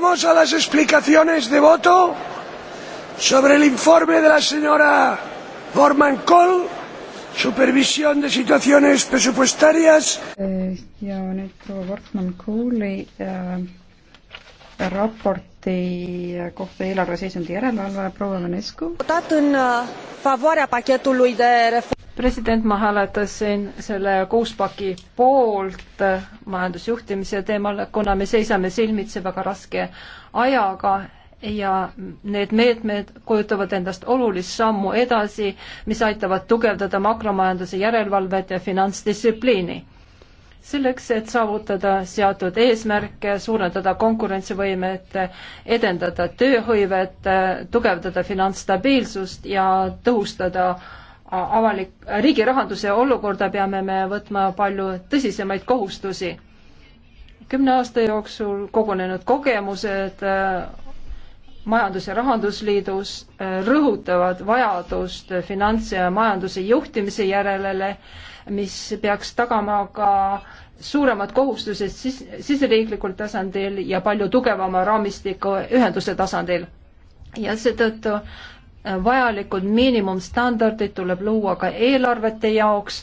Pasamos a las explicaciones de voto sobre el informe de la señora Forman Cole, supervisión de situaciones presupuestarias. Eh, ja nüüd proua Forman Cole'i äh, raporti äh, kohta eelarve seisundi järelevalve, proua Vanescu. votat în äh, favoarea pachetului de reform president, ma hääletasin selle kuuspaki poolt majandusjuhtimise teemal, kuna me seisame silmitsi väga raske ajaga ja need meetmed kujutavad endast olulist sammu edasi, mis aitavad tugevdada makromajanduse järelevalvet ja finantsdistsipliini. selleks, et saavutada seatud eesmärke, suurendada konkurentsivõimet, edendada tööhõivet, tugevdada finantsstabiilsust ja tõhustada äh, avalik, riigi rahanduse olukorda peame me võtma palju tõsisemaid kohustusi. kümne aasta jooksul kogunenud kogemused majandus- ja rahandusliidus rõhutavad vajadust finants- ja majanduse juhtimise järelele, mis peaks tagama ka suuremad kohustused sis-, siseriiklikul tasandil ja palju tugevama raamistiku ühenduse tasandil. ja seetõttu vajalikud miinimumstandardid tuleb luua ka eelarvete jaoks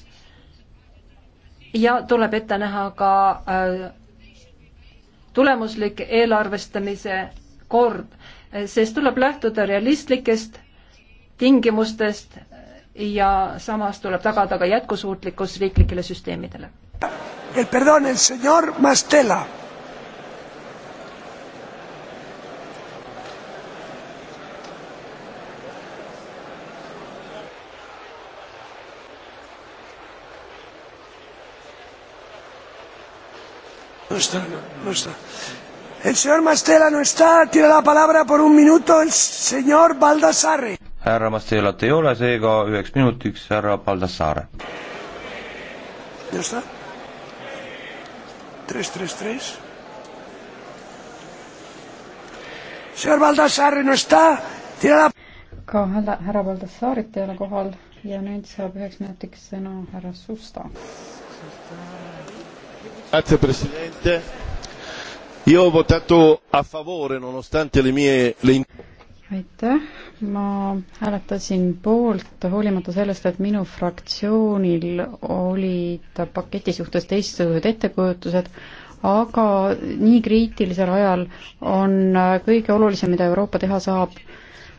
ja tuleb ette näha ka äh, tulemuslik eelarvestamise kord, sest tuleb lähtuda realistlikest tingimustest ja samas tuleb tagada ka jätkusuutlikkus riiklikele süsteemidele. El perdón, el señor Mastela No está, no está. El señor Mastela no está, tiene la palabra por un minuto el señor Baldassarre. härra Mastelat ei ole, seega üheks minutiks härra Baldassarre. no está. Tres, tres, tres. señor Baldassarre no está, tiene la ka härra Baldassarit ei ole kohal ja nüüd saab üheks minutiks sõna härra Susta signor presidente onorevoli colleghi io ho votato a favore nonostante le mie. aitäh ma hääletasin poolt hoolimata sellest et minu fraktsioonil olid paketi suhtes teistsugused ettekujutused aga nii kriitilisel ajal on kõige olulisem mida euroopa teha saab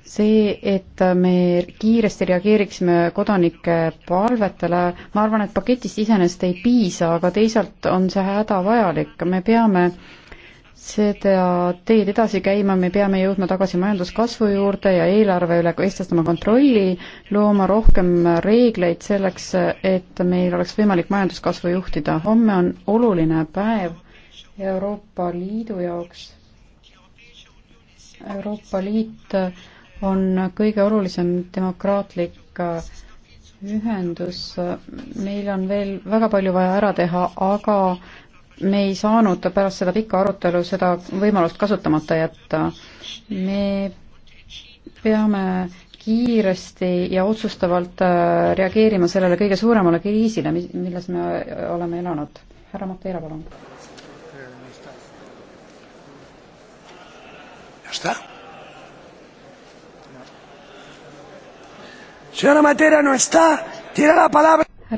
see, et me kiiresti reageeriksime kodanike palvetele, ma arvan, et paketist iseenesest ei piisa, aga teisalt on see hädavajalik, me peame seda teed edasi käima, me peame jõudma tagasi majanduskasvu juurde ja eelarve üle kehtestama kontrolli, looma rohkem reegleid selleks, et meil oleks võimalik majanduskasvu juhtida. homme on oluline päev Euroopa Liidu jaoks. Euroopa Liit on kõige olulisem demokraatlik äh, ühendus. meil on veel väga palju vaja ära teha, aga me ei saanud pärast seda pikka arutelu seda võimalust kasutamata jätta. me peame kiiresti ja otsustavalt äh, reageerima sellele kõige suuremale kriisile, milles me äh, oleme elanud. härra Mateera, palun. härra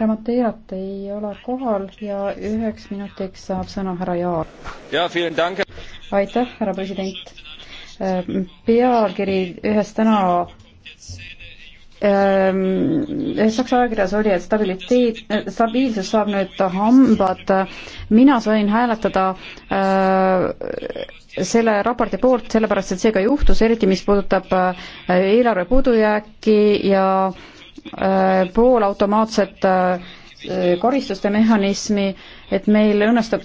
Mateirat ei ole kohal ja üheks minutiks saab sõna härra Jaar ja,. aitäh, härra president. Äh, pealkiri ühest täna Ehm, Saksa ajakirjas oli, et stabiliteet, äh, stabiilsus saab nüüd hambad. mina sain hääletada äh, selle raporti poolt, sellepärast et see ka juhtus, eriti mis puudutab äh, eelarve puudujääki ja äh, poolautomaatset äh, Äh, karistuste mehhanismi, et meil õnnestub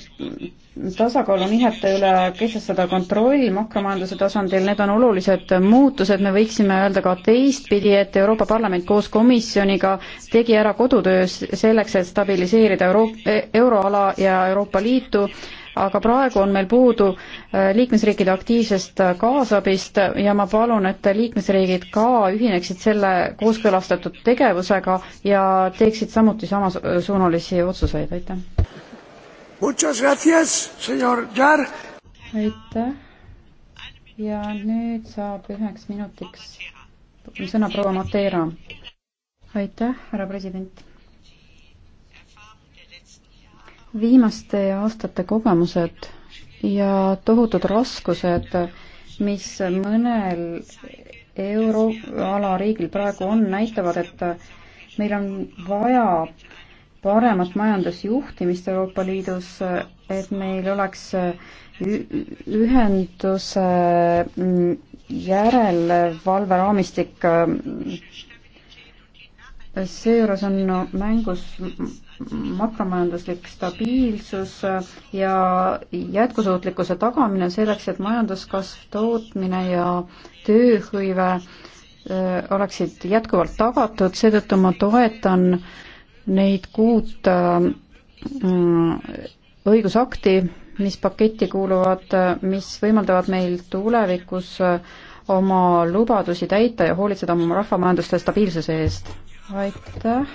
tasakaalu nihete üle kehtestada kontroll makromajanduse tasandil, need on olulised muutused, me võiksime öelda ka teistpidi, et Euroopa Parlament koos komisjoniga tegi ära kodutöös selleks, et stabiliseerida Euroop-, euroala ja Euroopa Liitu, aga praegu on meil puudu äh, liikmesriikide aktiivsest äh, kaasabist ja ma palun, et liikmesriigid ka ühineksid selle kooskõlastatud tegevusega ja teeksid samuti samasuunalisi otsuseid, aitäh. aitäh ja nüüd saab üheks minutiks sõna proua Matera. aitäh, härra president viimaste aastate kogemused ja tohutud raskused, mis mõnel euroala riigil praegu on, näitavad, et meil on vaja paremat majandusjuhtimist Euroopa Liidus, et meil oleks ühenduse mm, järelevalveraamistik seejuures on mängus makromajanduslik stabiilsus ja jätkusuutlikkuse tagamine selleks, et majanduskasv, tootmine ja tööhõive oleksid jätkuvalt tagatud, seetõttu ma toetan neid kuut mm, õigusakti, mis paketti kuuluvad, mis võimaldavad meil tulevikus oma lubadusi täita ja hoolitseda oma rahvamajanduste stabiilsuse eest. aitäh!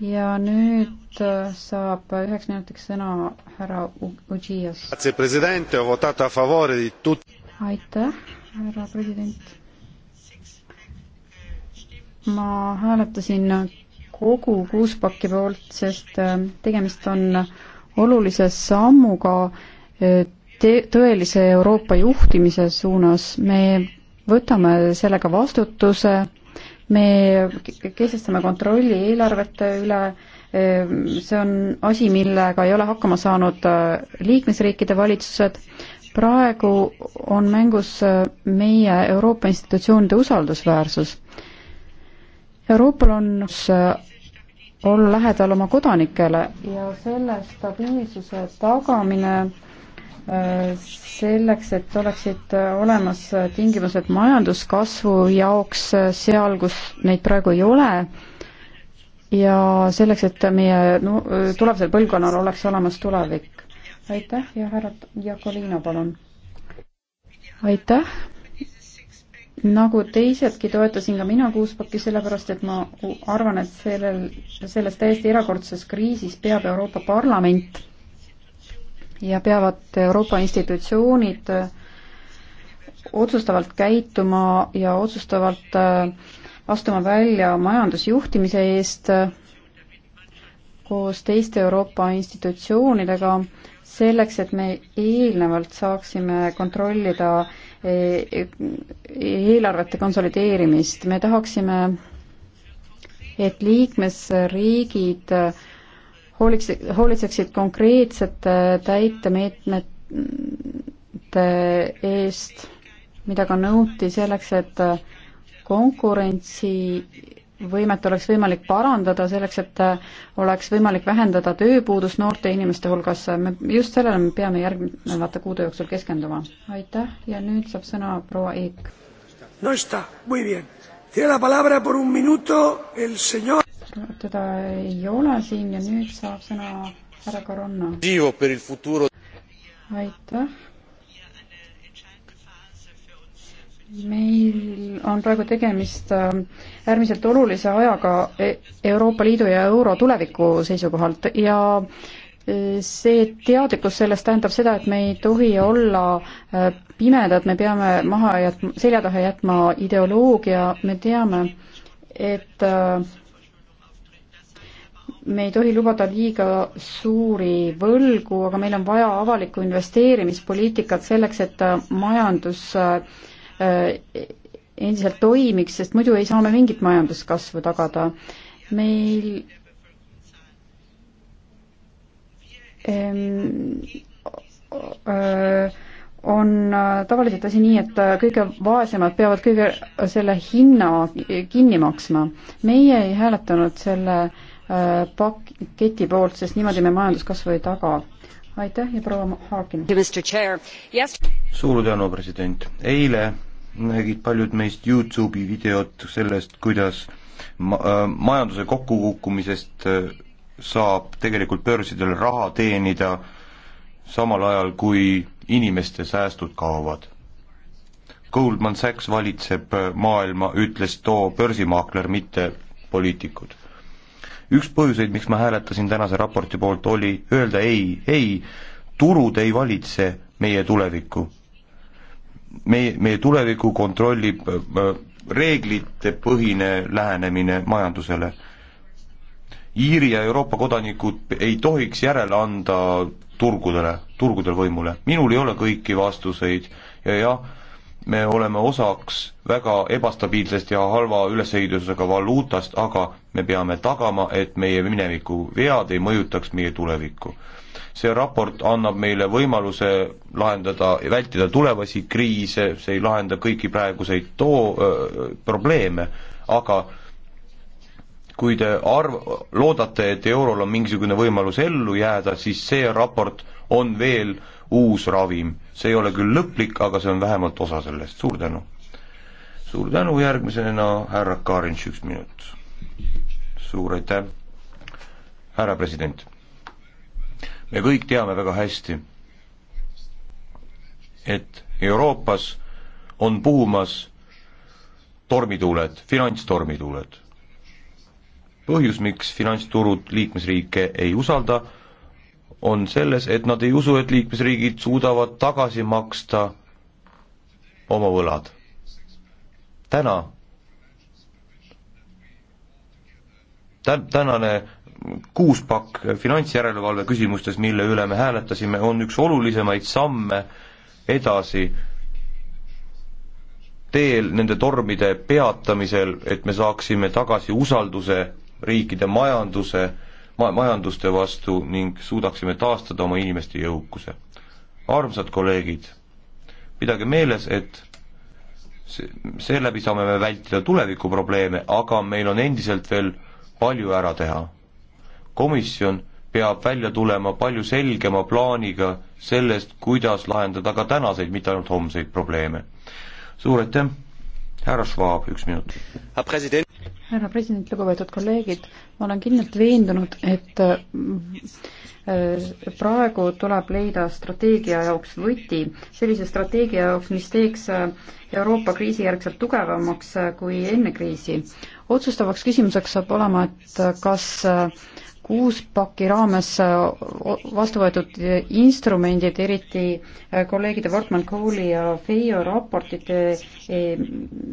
ja nüüd äh, saab üheks minutiks sõna härra Ugias. aitäh, härra president. ma hääletasin kogu kuuspaki poolt, sest äh, tegemist on olulise sammuga äh, te-, tõelise Euroopa juhtimise suunas. me võtame sellega vastutuse me kehtestame kontrolli eelarvete üle, ehm, see on asi, millega ei ole hakkama saanud äh, liikmesriikide valitsused, praegu on mängus äh, meie Euroopa institutsioonide usaldusväärsus. Euroopal on äh, olla lähedal oma kodanikele ja selle stabiilsuse tagamine äh, selleks, et oleksid äh, olemas äh, tingimused majanduskasvu jaoks äh, seal, kus neid praegu ei ole, ja selleks, et meie no, tulevasel põlvkonnal oleks olemas tulevik. aitäh ja härra Jakolino, palun. aitäh nagu teisedki toetasin ka mina kuuspakki, sellepärast et ma arvan, et sellel, selles täiesti erakordses kriisis peab Euroopa Parlament ja peavad Euroopa institutsioonid otsustavalt käituma ja otsustavalt äh, astuma välja majandusjuhtimise eest äh, koos teiste Euroopa institutsioonidega, selleks et me eelnevalt saaksime kontrollida e, e, eelarvete konsolideerimist, me tahaksime, et liikmesriigid äh, hooliks, hoolitseksid konkreetsete täitemeetmete eest, mida ka nõuti selleks, et konkurentsivõimet oleks võimalik parandada, selleks et oleks võimalik vähendada tööpuudust noorte inimeste hulgas, me just sellele me peame järgnevate kuude jooksul keskenduma. aitäh ja nüüd saab sõna proua Eek. no está, muy bien. Tiene la palabra por un minuto el señor teda ei ole siin ja nüüd saab sõna härra Coronna. aitäh. meil on praegu tegemist äh, äärmiselt olulise ajaga e-, Euroopa Liidu ja euro tuleviku seisukohalt ja äh, see teadlikkus sellest tähendab seda, et me ei tohi olla äh, pimedad, me peame maha jätma, selja taha jätma ideoloogia, me teame, et äh, me ei tohi lubada liiga suuri võlgu, aga meil on vaja avalikku investeerimispoliitikat selleks, et majandus äh, endiselt toimiks, sest muidu ei saa me mingit majanduskasvu tagada. meil ehm, äh, on tavaliselt asi nii, et kõige vaesemad peavad kõige selle hinna kinni maksma. meie ei hääletanud selle äh, paketi poolt, sest niimoodi me majanduskasvu ei taga. aitäh ja proua Harkin. suur tänu, president. eile nägid paljud meist Youtube'i videot sellest, kuidas ma-, äh, majanduse kokkukukkumisest äh, saab tegelikult börsidel raha teenida samal ajal, kui inimeste säästud kaovad. Goldman Sachs valitseb äh, maailma, ütles too börsimaakler, mitte poliitikud üks põhjuseid, miks ma hääletasin tänase raporti poolt, oli öelda ei, ei, turud ei valitse meie tulevikku. meie, meie tulevikku kontrollib äh, äh, reeglitepõhine lähenemine majandusele. Iiri ja Euroopa kodanikud ei tohiks järele anda turgudele, turgudel võimule. minul ei ole kõiki vastuseid ja jah, me oleme osaks väga ebastabiilsest ja halva ülesehitusega valuutast, aga me peame tagama, et meie mineviku vead ei mõjutaks meie tulevikku. see raport annab meile võimaluse lahendada, vältida tulevasi kriise, see ei lahenda kõiki praeguseid too- äh,, probleeme, aga kui te arv-, loodate, et eurol on mingisugune võimalus ellu jääda, siis see raport on veel äh, uus ravim, see ei ole küll lõplik, aga see on vähemalt osa sellest, suur tänu. suur tänu, järgmisena härra Karinš, üks minut. suur aitäh, härra president. me kõik teame väga hästi, et Euroopas on puhumas tormituuled, finantstormituuled. põhjus, miks finantsturud liikmesriike ei usalda, on selles, et nad ei usu, et liikmesriigid suudavad tagasi maksta oma võlad. täna, tänane kuuspakk finantsjärelevalve küsimustes, mille üle me hääletasime, on üks olulisemaid samme edasi teel nende tormide peatamisel, et me saaksime tagasi usalduse riikide majanduse ma-, majanduste vastu ning suudaksime taastada oma inimeste jõukuse. armsad kolleegid, pidage meeles, et see, seeläbi saame me vältida tulevikuprobleeme, aga meil on endiselt veel palju ära teha. komisjon peab välja tulema palju selgema plaaniga sellest, kuidas lahendada ka tänaseid, mitte ainult homseid probleeme. suur aitäh, härra Schwab, üks minut härra president, lugupeetud kolleegid, ma olen kindlalt veendunud, et äh, praegu tuleb leida strateegia jaoks võti, sellise strateegia jaoks, mis teeks äh, Euroopa kriisi järgselt tugevamaks äh, kui enne kriisi. otsustavaks küsimuseks saab olema, et kas kuuspaki raames äh, vastu võetud instrumendid, eriti äh, kolleegide Wortmann Kooli ja Feio raportite e,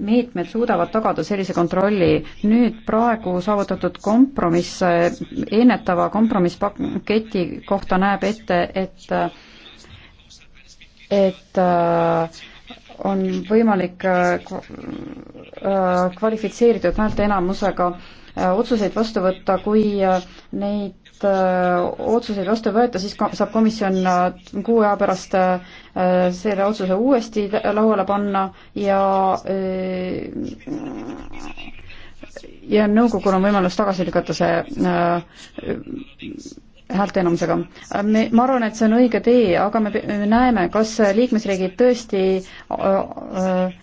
meetmed suudavad tagada sellise kontrolli. nüüd praegu saavutatud kompromiss, äh, ennetava kompromisspaketi kohta näeb ette, et et äh, on võimalik äh, äh, kvalifitseeritud häälteenamusega äh, otsuseid vastu võtta, kui neid otsuseid vastu ei võeta, siis saab komisjon kuu aja pärast selle otsuse uuesti lauale panna ja ja nõukogul on võimalus tagasi lükata see häälteenamusega. me, ma arvan, et see on õige tee, aga me, me näeme, kas liikmesriigid tõesti äh,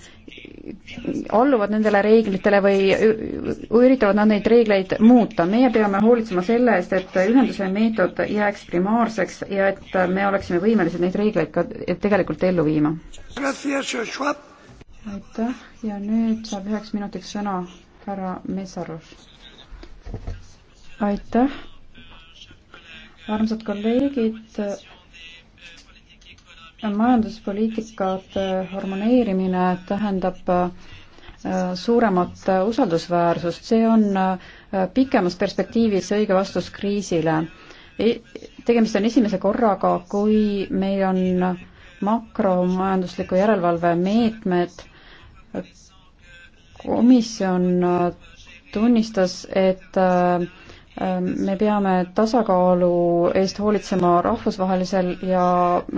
alluvad nendele reeglitele või üritavad nad neid reegleid muuta. meie peame hoolitsema selle eest, et ühenduse meetod jääks primaarseks ja et me oleksime võimelised neid reegleid ka tegelikult ellu viima. aitäh ja nüüd saab üheks minutiks sõna härra Metsarov. aitäh armsad kolleegid, majanduspoliitikate äh, harmoneerimine tähendab äh, suuremat usaldusväärsust, see on äh, pikemas perspektiivis õige vastus kriisile. E, tegemist on esimese korraga, kui meil on makromajandusliku järelevalve meetmed. komisjon tunnistas, et Ehm, me peame tasakaalu eest hoolitsema rahvusvahelisel ja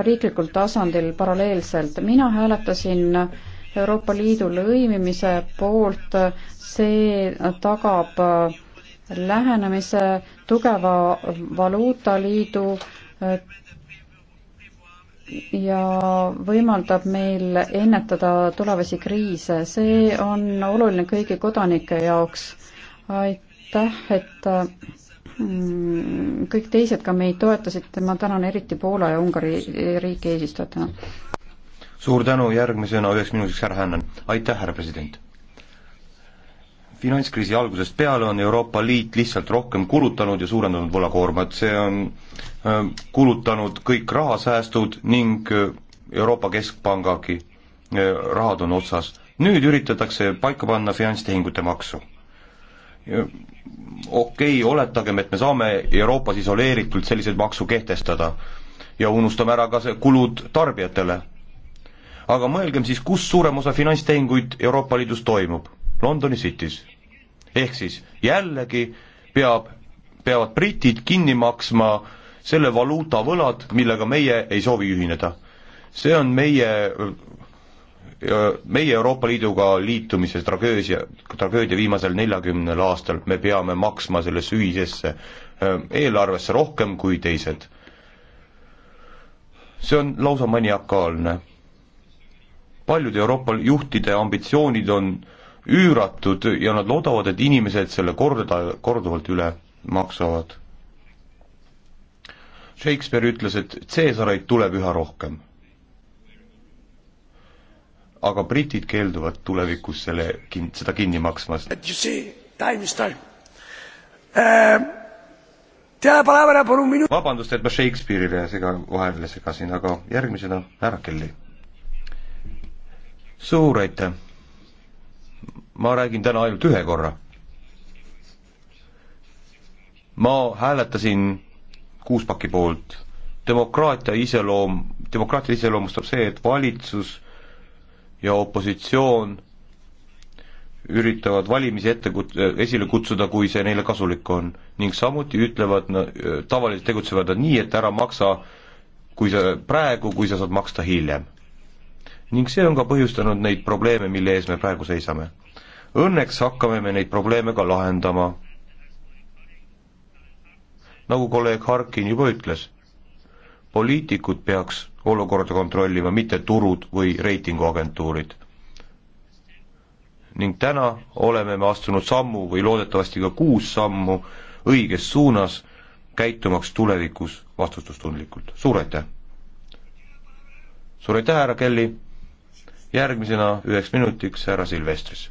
riiklikul tasandil paralleelselt. mina hääletasin Euroopa Liidu lõimimise poolt, see tagab äh, lähenemise tugeva valuutaliidu äh, ja võimaldab meil ennetada tulevasi kriise. see on oluline kõigi kodanike jaoks. aitäh! aitäh, et mm, kõik teised ka meid toetasid, ma tänan eriti Poola ja Ungari riiki eesistujatena. suur tänu, järgmisena üheks minutiks härra Hännan. aitäh, härra president! finantskriisi algusest peale on Euroopa Liit lihtsalt rohkem kulutanud ja suurendanud võlakoormat, see on äh, kulutanud kõik rahasäästud ning äh, Euroopa Keskpangagi äh, rahad on otsas. nüüd üritatakse paika panna finantstehingute maksu okei okay,, oletagem, et me saame Euroopas isoleeritult selliseid maksu kehtestada ja unustame ära ka see kulud tarbijatele. aga mõelgem siis, kus suurem osa finantstehinguid Euroopa Liidus toimub, Londoni City's. ehk siis jällegi peab, peavad britid kinni maksma selle valuuta võlad, millega meie ei soovi ühineda. see on meie meie Euroopa Liiduga liitumise tragöödia, tragöödia viimasel neljakümnel aastal, me peame maksma sellesse ühisesse äh, eelarvesse rohkem kui teised. see on lausa maniakaalne. paljude Euroopa juhtide ambitsioonid on üüratud ja nad loodavad, et inimesed selle korda, korduvalt üle maksavad. Shakespeare ütles, et tseesareid tuleb üha rohkem aga britid keelduvad tulevikus selle kin-, seda kinni maksmast. Um, vabandust, et ma Shakespeare'ile sega-, vahele segasin, aga järgmisena härra Kelly. suur aitäh! ma räägin täna ainult ühe korra. ma hääletasin kuuspaki poolt, demokraatia iseloom, demokraatia iseloomustab see, et valitsus ja opositsioon üritavad valimisi ette kut-, esile kutsuda, kui see neile kasulik on. ning samuti ütlevad, tavaliselt tegutsevad nad nii, et ära maksa kui sa praegu, kui sa saad maksta hiljem. ning see on ka põhjustanud neid probleeme, mille ees me praegu seisame. Õnneks hakkame me neid probleeme ka lahendama. nagu kolleeg Harkin juba ütles poliitikud peaks olukorda kontrollima, mitte turud või reitinguagentuurid. ning täna oleme me astunud sammu või loodetavasti ka kuus sammu õiges suunas, käitumaks tulevikus vastutustundlikult. suur aitäh! suur aitäh, härra Kelly! järgmisena üheks minutiks härra Silvestris.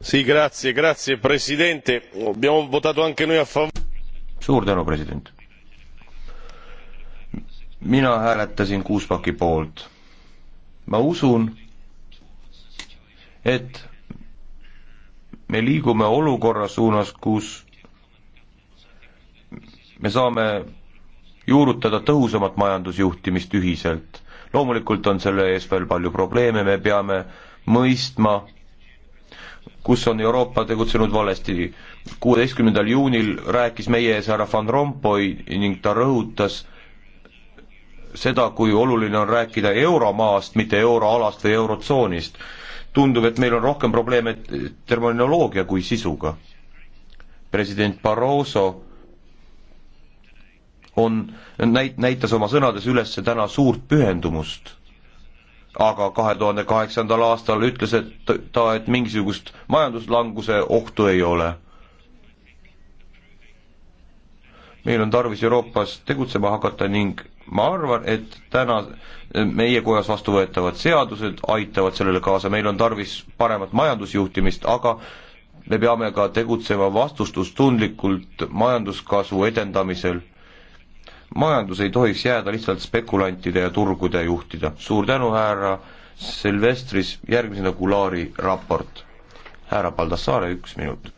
Sì, grazie, grazie Presidente. Abbiamo votato anche noi a favore. Suur tänu, President mina hääletasin Kuuspaki poolt. ma usun, et me liigume olukorra suunas, kus me saame juurutada tõhusamat majandusjuhtimist ühiselt. loomulikult on selle ees veel palju probleeme, me peame mõistma, kus on Euroopa tegutsenud valesti. kuueteistkümnendal juunil rääkis meie ees härra Van Rompuy ning ta rõhutas, seda, kui oluline on rääkida euromaast, mitte euroalast või eurotsoonist. tundub, et meil on rohkem probleeme terminoloogia kui sisuga. president Barroso on, näit-, näitas oma sõnades üles täna suurt pühendumust. aga kahe tuhande kaheksandal aastal ütles, et ta, et mingisugust majanduslanguse ohtu ei ole meil on tarvis Euroopas tegutsema hakata ning ma arvan, et täna meie kojas vastuvõetavad seadused aitavad sellele kaasa, meil on tarvis paremat majandusjuhtimist, aga me peame ka tegutsema vastutustundlikult majanduskasvu edendamisel. majandus ei tohiks jääda lihtsalt spekulantide ja turgude juhtida. suur tänu, härra Silvestris, järgmisena Gulaari raport. härra Baldassare, üks minut.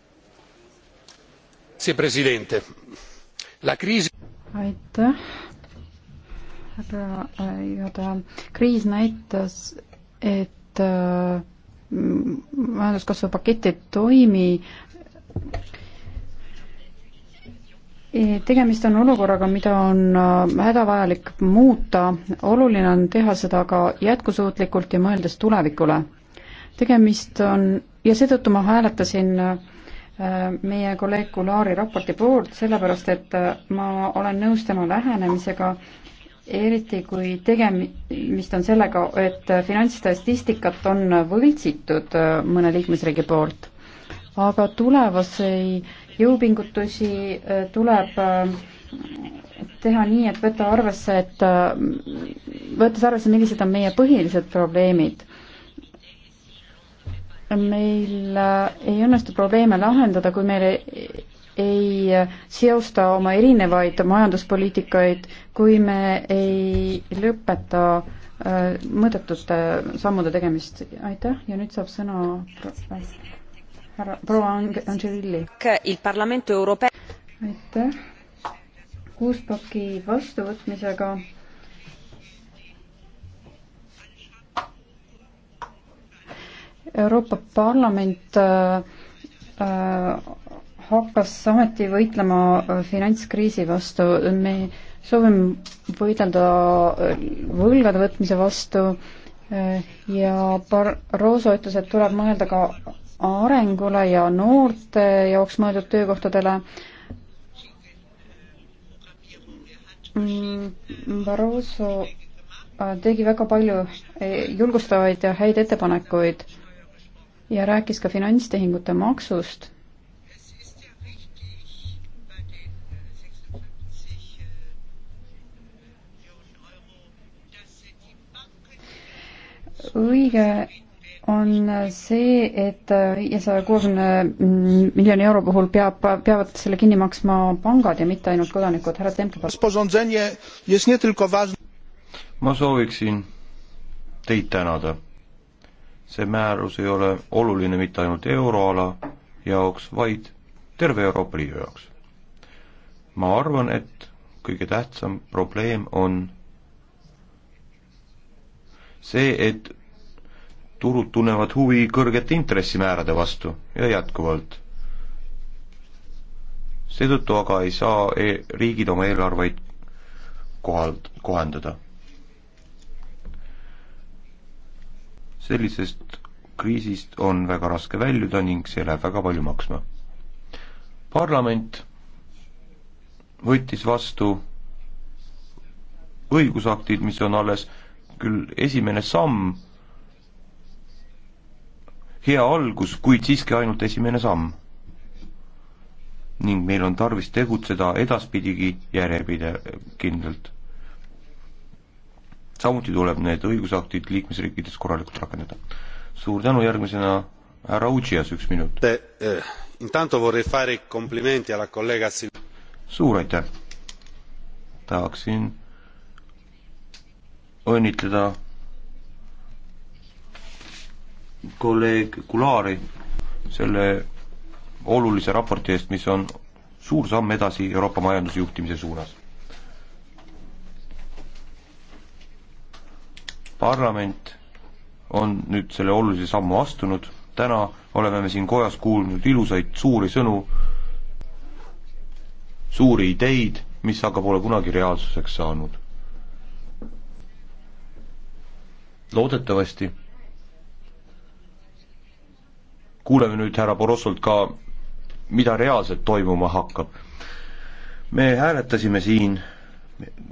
aitäh härra äh, juhataja, kriis näitas, et äh, majanduskasvu pakett ei toimi. E, tegemist on olukorraga, mida on äh, hädavajalik muuta, oluline on teha seda ka jätkusuutlikult ja mõeldes tulevikule. tegemist on ja seetõttu ma hääletasin meie kolleeg Kulaari raporti poolt, sellepärast et ma olen nõus tema lähenemisega, eriti kui tegemist on sellega, et finantsstatistikat on võltsitud äh, mõne liikmesriigi poolt. aga tulevasi jõupingutusi äh, tuleb äh, teha nii, et võtta arvesse, et võttes arvesse, millised on meie põhilised probleemid meil ei õnnestu probleeme lahendada, kui meil ei, ei seosta oma erinevaid majanduspoliitikaid, kui me ei lõpeta äh, mõõdetuste sammude tegemist. aitäh ja nüüd saab sõna härra proua Angelilli. aitäh. kuuspaki vastuvõtmisega Euroopa Parlament äh, äh, hakkas samuti võitlema äh, finantskriisi vastu, me soovime võidelda äh, võlgade võtmise vastu äh, ja Barroso ütles, et tuleb mõelda ka arengule ja noorte jaoks mõeldud töökohtadele. Mm, Barroso tegi väga palju julgustavaid ja häid ettepanekuid ja rääkis ka finantstehingute maksust õige on see, et viiesaja kuuekümne miljoni euro puhul peab, peavad selle kinni maksma pangad ja mitte ainult kodanikud, härra Temple. ma sooviksin teid tänada. see määrus ei ole oluline mitte ainult euroala jaoks, vaid terve Euroopa Liidu jaoks. ma arvan, et kõige tähtsam probleem on see, et turud tunnevad huvi kõrgete intressimäärade vastu ja jätkuvalt. seetõttu aga ei saa e riigid oma eelarveid kohald-, kohendada. sellisest kriisist on väga raske väljuda ning see läheb väga palju maksma. parlament võttis vastu õigusaktid, mis on alles küll esimene samm, hea algus, kuid siiski ainult esimene samm. ning meil on tarvis tegutseda edaspidigi järjepidevkindlalt. samuti tuleb need õigusaktid liikmesriikides korralikult rakendada. suur tänu, järgmisena härra Utsias, üks minut. Eh, intanto vorrei fare complimenti alla collega Sil-. suur aitäh! tahaksin õnnitleda kolleeg Kulaari selle olulise raporti eest, mis on suur samm edasi Euroopa majanduse juhtimise suunas. parlament on nüüd selle olulise sammu astunud, täna oleme me siin kojas kuulnud ilusaid suuri sõnu, suuri ideid, mis aga pole kunagi reaalsuseks saanud loodetavasti kuuleme nüüd härra Borossolt ka, mida reaalselt toimuma hakkab. me hääletasime siin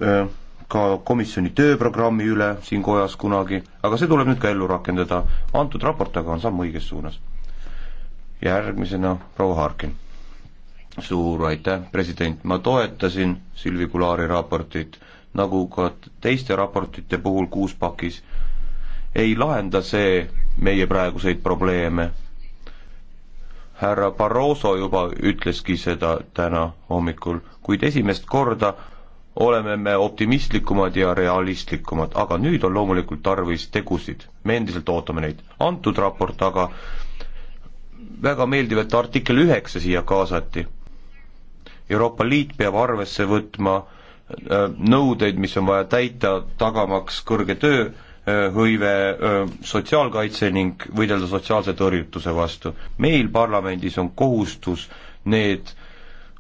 öö, äh, ka komisjoni tööprogrammi üle siin kojas kunagi, aga see tuleb nüüd ka ellu rakendada. antud raport aga on samm õiges suunas. järgmisena proua Harkin. suur aitäh, president, ma toetasin Silvi Kulaari raportit, nagu ka teiste raportite puhul kuus pakis ei lahenda see meie praeguseid probleeme. härra Barroso juba ütleski seda täna hommikul, kuid esimest korda oleme me optimistlikumad ja realistlikumad, aga nüüd on loomulikult tarvis tegusid, me endiselt ootame neid. antud raport aga väga meeldiv, et artikkel üheksa siia kaasati. Euroopa Liit peab arvesse võtma äh, nõudeid, mis on vaja täita, tagamaks kõrge töö, hõive, sotsiaalkaitse ning võidelda sotsiaalse tõrjutuse vastu. meil parlamendis on kohustus need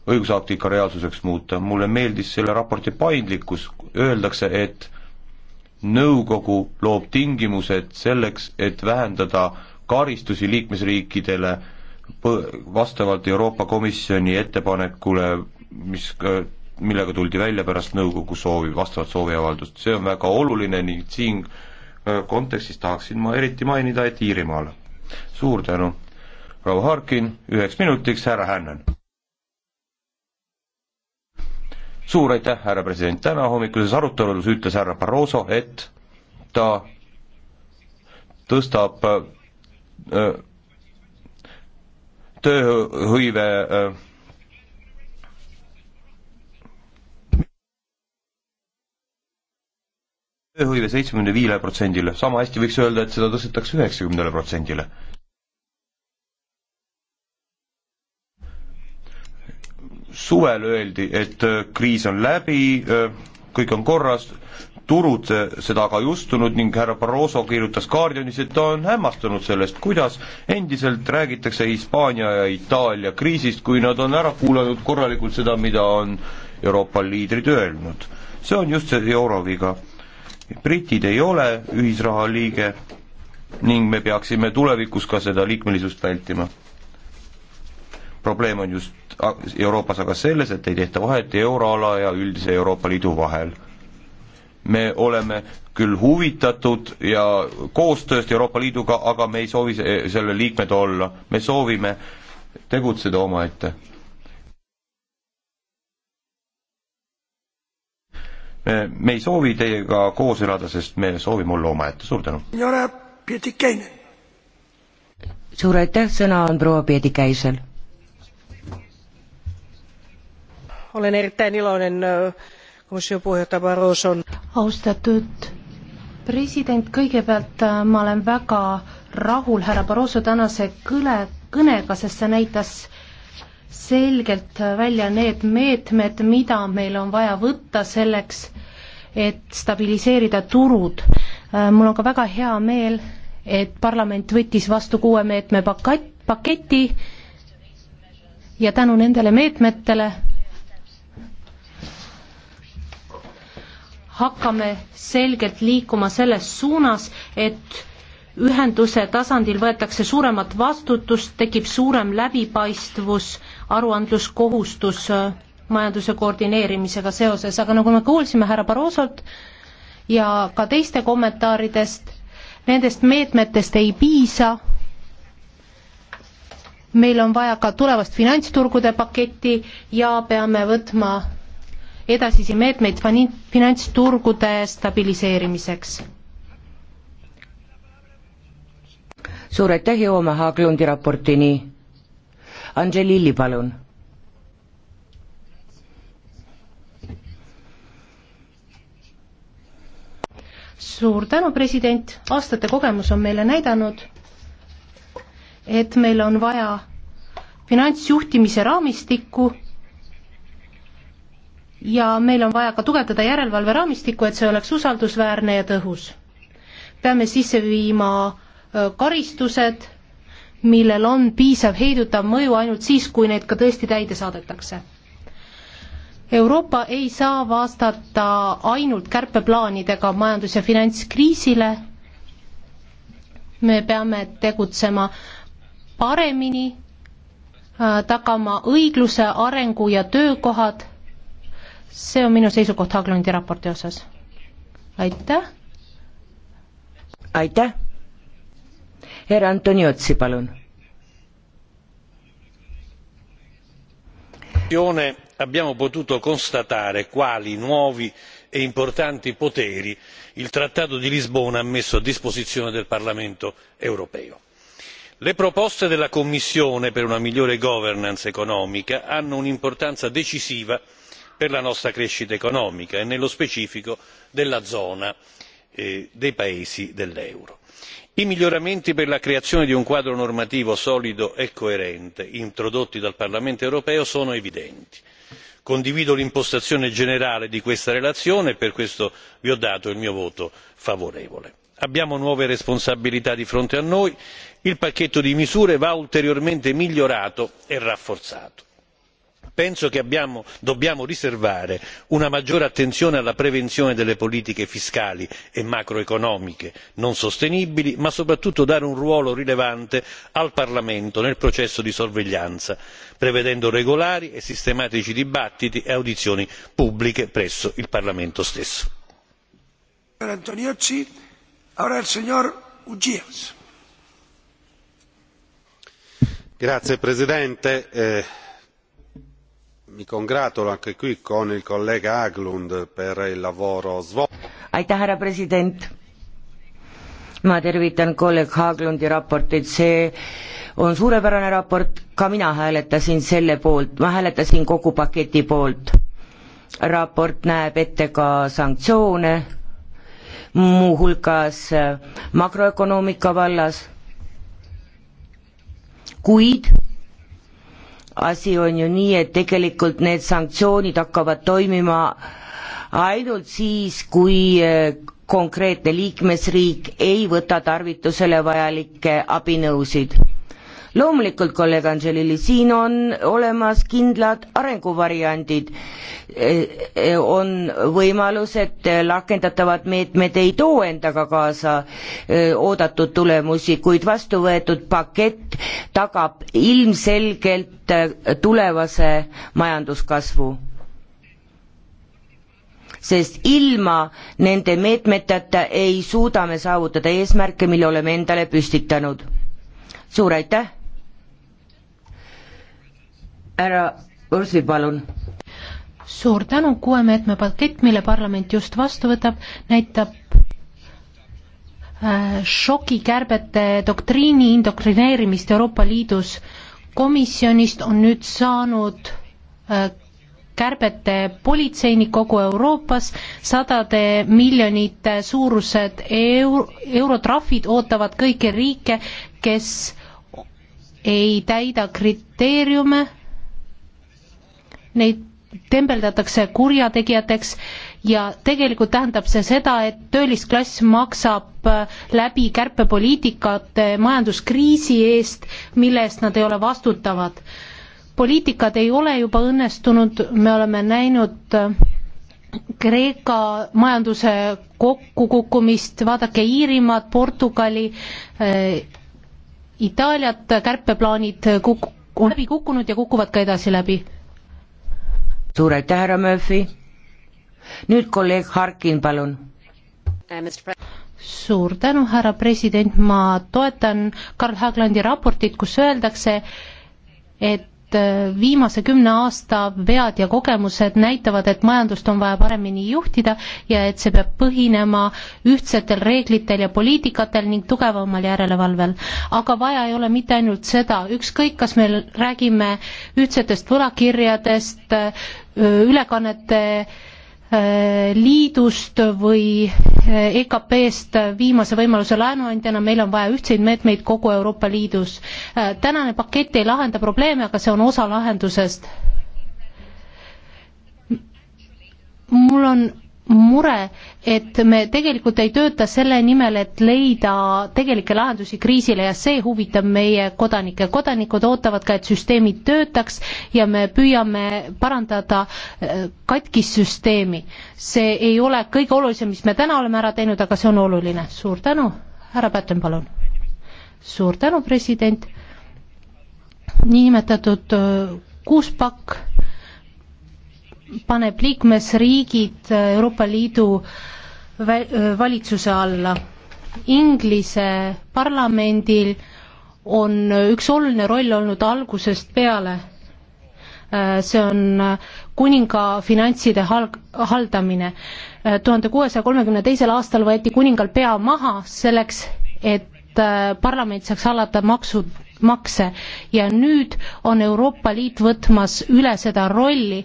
õigusakti ikka reaalsuseks muuta, mulle meeldis selle raporti paindlikkus, öeldakse, et nõukogu loob tingimused selleks, et vähendada karistusi liikmesriikidele vastavalt Euroopa Komisjoni ettepanekule, mis, millega tuldi välja pärast nõukogu soovi, vastavat sooviavaldust, see on väga oluline ning siin kontekstis tahaksin ma eriti mainida, et Iirimaal. suur tänu, proua Harkin, üheks minutiks härra Hännan. suur aitäh, härra president, täna hommikuses arutelus ütles härra Barroso, et ta tõstab äh, tööhõive äh, tööhõive seitsmekümne viiele protsendile, sama hästi võiks öelda, et seda tõstetakse üheksakümnele protsendile. suvel öeldi, et äh, kriis on läbi, äh, kõik on korras, turud äh, seda aga ei ustunud ning härra Barroso kirjutas Guardianis, et ta on hämmastunud sellest, kuidas endiselt räägitakse Hispaania ja Itaalia kriisist, kui nad on ära kuulanud korralikult seda, mida on Euroopa liidrid öelnud. see on just see euroviga britid ei ole ühisraha liige ning me peaksime tulevikus ka seda liikmelisust vältima. probleem on just Euroopas aga selles, et ei tehta vahet euroala ja üldise Euroopa Liidu vahel. me oleme küll huvitatud ja koostööst Euroopa Liiduga, aga me ei soovi selle liikmed olla, me soovime tegutseda omaette me, me ei soovi teiega koos elada, sest me soovime olla omaette, suur tänu. suur aitäh, sõna on proua Pietikäisel. olen erittäin iloinen äh, komisjoni puheenjohtaja Barroson. austatud president, kõigepealt äh, ma olen väga rahul härra Barroso tänase kõne, kõnega, sest see näitas selgelt välja need meetmed, mida meil on vaja võtta selleks, et stabiliseerida turud. Äh, mul on ka väga hea meel, et parlament võttis vastu kuue meetme pakat-, paketi ja tänu nendele meetmetele hakkame selgelt liikuma selles suunas, et ühenduse tasandil võetakse suuremat vastutust, tekib suurem läbipaistvus, aruandluskohustus äh, majanduse koordineerimisega seoses, aga nagu me kuulsime härra Barrosolt ja ka teiste kommentaaridest, nendest meetmetest ei piisa, meil on vaja ka tulevast finantsturgude paketti ja peame võtma edasisi meetmeid finantsturgude stabiliseerimiseks suur aitäh, jõuame Haaglundi raportini. Angelilli, palun. suur tänu, president, aastate kogemus on meile näidanud, et meil on vaja finantsjuhtimise raamistikku ja meil on vaja ka tugevdada järelevalveraamistikku, et see oleks usaldusväärne ja tõhus. peame sisse viima karistused, millel on piisav heidutav mõju ainult siis, kui need ka tõesti täide saadetakse. Euroopa ei saa vastata ainult kärpeplaanidega majandus- ja finantskriisile, me peame tegutsema paremini, tagama õigluse, arengu ja töökohad, see on minu seisukoht Haglundi raporti osas. aitäh! aitäh! härra Antoniotsi, palun. abbiamo potuto constatare quali nuovi e importanti poteri il trattato di lisbona ha messo a disposizione del parlamento europeo. le proposte della commissione per una migliore governance economica hanno un'importanza decisiva per la nostra crescita economica e nello specifico della zona eh, dei paesi dell'euro i miglioramenti per la creazione di un quadro normativo solido e coerente introdotti dal parlamento europeo sono evidenti. condivido l'impostazione generale di questa relazione e per questo vi ho dato il mio voto favorevole. abbiamo nuove responsabilità di fronte a noi il pacchetto di misure va ulteriormente migliorato e rafforzato penso che dobbiamo riservare una maggiore attenzione alla prevenzione delle politiche fiscali e macroeconomiche non sostenibili ma soprattutto dare un ruolo rilevante al parlamento nel processo di sorveglianza prevedendo regolari e sistematici dibattiti e audizioni pubbliche presso il parlamento stesso. signor presidente eh, mi congratulo anche qui con il collega Aglund per il lavoro svolto. aitäh, härra president! ma tervitan kolleeg Haglundi raportit, see on suurepärane raport, ka mina hääletasin selle poolt, ma hääletasin kogu paketi poolt. raport näeb ette ka sanktsioone, muuhulgas äh, makroökonoomika vallas, kuid asi on ju nii, et tegelikult need sanktsioonid hakkavad toimima ainult siis, kui eh, konkreetne liikmesriik ei võta tarvitusele vajalikke abinõusid loomulikult, kolleeg Angelili, siin on olemas kindlad arenguvariandid, e, e, on võimalus, et rakendatavad meetmed ei too endaga kaasa e, oodatud tulemusi, kuid vastu võetud pakett tagab ilmselgelt tulevase majanduskasvu sest ilma nende meetmeteta ei suuda me saavutada eesmärke, mille oleme endale püstitanud. suur aitäh! härra Ursi, palun. suur tänu, kuue meetme pakett, mille parlament just vastu võtab, näitab äh, šokikärbete doktriini indoktrineerimist Euroopa Liidus. komisjonist on nüüd saanud äh, kärbete politseinik kogu Euroopas, sadade miljonite suurused euro, eurotrahvid ootavad kõiki riike, kes ei täida kriteeriume neid tembeldatakse kurjategijateks ja tegelikult tähendab see seda, et töölisklass maksab äh, läbi kärpepoliitikate majanduskriisi eest, mille eest nad ei ole vastutavad. poliitikad ei ole juba õnnestunud, me oleme näinud äh, Kreeka majanduse kokkukukkumist, vaadake Iirimaad, Portugali, äh, Itaaliat, kärpeplaanid kuk-, on läbi kukkunud ja kukuvad ka edasi läbi suur aitäh, härra Murphy. nüüd kolleeg Harkin, palun suur tänu, härra president, ma toetan Karl Haglandi raportit, kus öeldakse, et Äh, viimase kümne aasta vead ja kogemused näitavad, et majandust on vaja paremini juhtida ja et see peab põhinema ühtsetel reeglitel ja poliitikatel ning tugevamal järelevalvel. aga vaja ei ole mitte ainult seda, ükskõik, kas me räägime ühtsetest võlakirjadest, äh, ülekannete äh, Äh, liidust või äh, EKP-st viimase võimaluse laenuandjana, meil on vaja ühtseid meetmeid kogu Euroopa Liidus. Äh, tänane pakett ei lahenda probleeme, aga see on osa lahendusest. mul on mure, et me tegelikult ei tööta selle nimel, et leida tegelikke lahendusi kriisile ja see huvitab meie kodanikke. kodanikud ootavad ka, et süsteemid töötaks ja me püüame parandada äh, katkissüsteemi. see ei ole kõige olulisem, mis me täna oleme ära teinud, aga see on oluline. suur tänu, härra Pätten, palun. suur tänu, president. niinimetatud äh, kuuspakk paneb liikmesriigid Euroopa Liidu valitsuse alla. Inglise parlamendil on üks oluline roll olnud algusest peale. Äh, see on äh, kuninga finantside hal-, haldamine. Äh, tuhande kuuesaja kolmekümne teisel aastal võeti kuningal pea maha selleks, et parlament saaks hallata maksud makse ja nüüd on Euroopa Liit võtmas üle seda rolli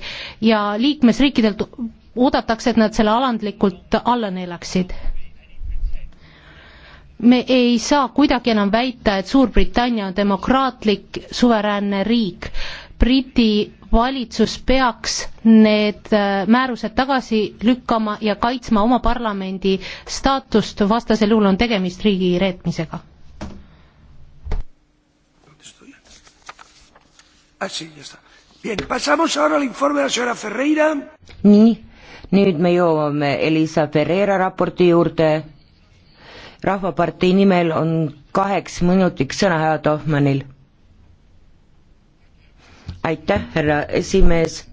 ja liikmesriikidelt oodatakse, et nad selle alandlikult alla neelaksid me ei saa kuidagi enam väita, et Suurbritannia on demokraatlik suveräänne riik. Briti valitsus peaks need äh, määrused tagasi lükkama ja kaitsma oma parlamendi staatust, vastasel juhul on tegemist riigi reetmisega Ah, nii, nüüd me jõuame Elisa Ferreira raporti juurde. rahvapartei nimel on kaheks minutiks sõna Hea Tohmanil. aitäh, härra esimees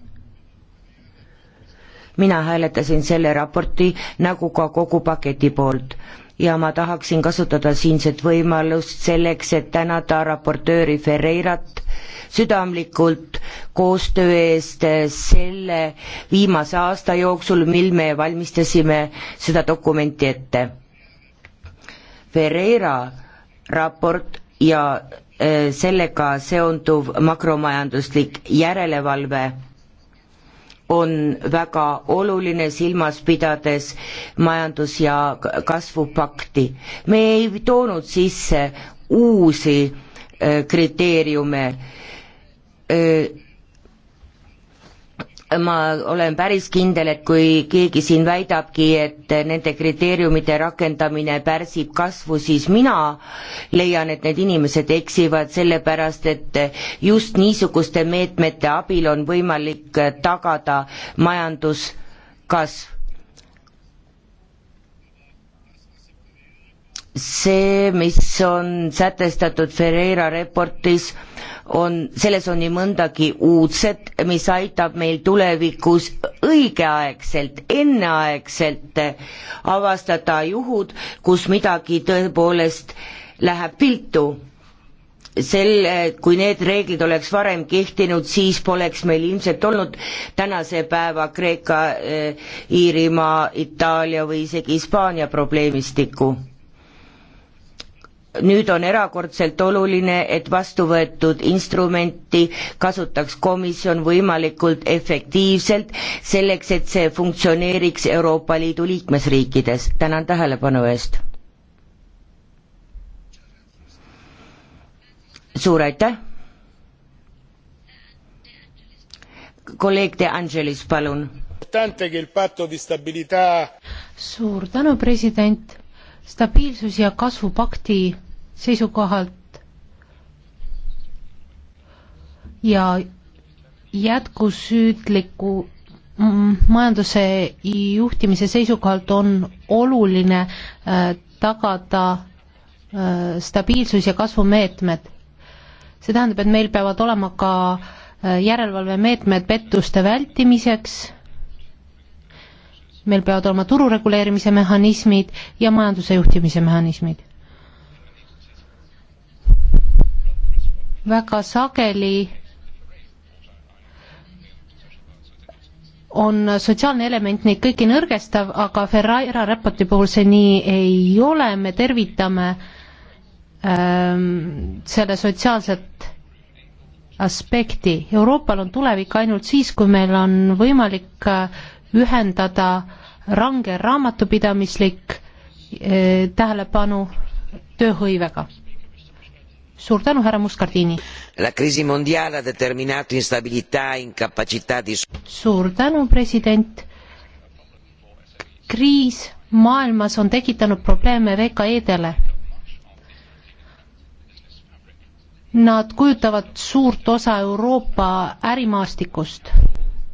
mina hääletasin selle raporti nagu ka kogu paketi poolt ja ma tahaksin kasutada siinset võimalust selleks, et tänada raportööri Ferreirat südamlikult koostöö eest selle viimase aasta jooksul, mil me valmistasime seda dokumenti ette. Ferreira raport ja äh, sellega seonduv makromajanduslik järelevalve on väga oluline silmas pidades majandus- ja kasvupakti. me ei toonud sisse uusi äh, kriteeriume äh, ma olen päris kindel, et kui keegi siin väidabki, et nende kriteeriumite rakendamine pärsib kasvu, siis mina leian, et need inimesed eksivad, sellepärast et just niisuguste meetmete abil on võimalik tagada majanduskasv see, mis on sätestatud Ferreira raportis, on, selles on nii mõndagi uudset, mis aitab meil tulevikus õigeaegselt, enneaegselt avastada juhud, kus midagi tõepoolest läheb viltu. selle, kui need reeglid oleks varem kehtinud, siis poleks meil ilmselt olnud tänase päeva Kreeka, eh, Iirimaa, Itaalia või isegi Hispaania probleemistikku nüüd on erakordselt oluline, et vastu võetud instrumenti kasutaks komisjon võimalikult efektiivselt, selleks et see funktsioneeriks Euroopa Liidu liikmesriikides. tänan tähelepanu eest. suur aitäh. kolleeg De Angelis, palun. suur tänu, president stabiilsus ja kasvupakti seisukohalt ja jätkusüüdliku mm, majanduse juhtimise seisukohalt on oluline äh, tagada äh, stabiilsus ja kasvumeetmed. see tähendab, et meil peavad olema ka äh, järelevalvemeetmed pettuste vältimiseks, meil peavad olema turu reguleerimise mehhanismid ja majanduse juhtimise mehhanismid väga sageli on sotsiaalne element neid kõiki nõrgestav, aga Ferrara raporti puhul see nii ei ole, me tervitame ähm, selle sotsiaalset aspekti. Euroopal on tulevik ainult siis, kui meil on võimalik äh, ühendada range raamatupidamislik äh, tähelepanu tööhõivega suur tänu, härra Muscardini. La crisi mondiale ha determinato instabilità e incapacità di suur tänu, president. kriis maailmas on tekitanud probleeme VKE-dele. Nad kujutavad suurt osa Euroopa ärimaastikust.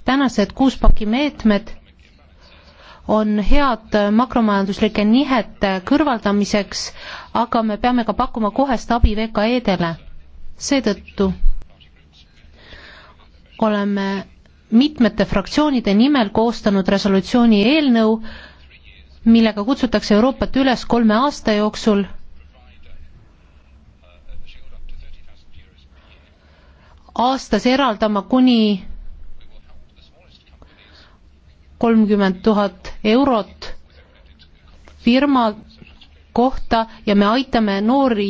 tänased kuuspaki meetmed on head makromajanduslike nihete kõrvaldamiseks, aga me peame ka pakkuma kohest abi VKE-dele. seetõttu oleme mitmete fraktsioonide nimel koostanud resolutsiooni eelnõu, millega kutsutakse Euroopat üles kolme aasta jooksul aastas eraldama kuni kolmkümmend tuhat eurot firma kohta ja me aitame noori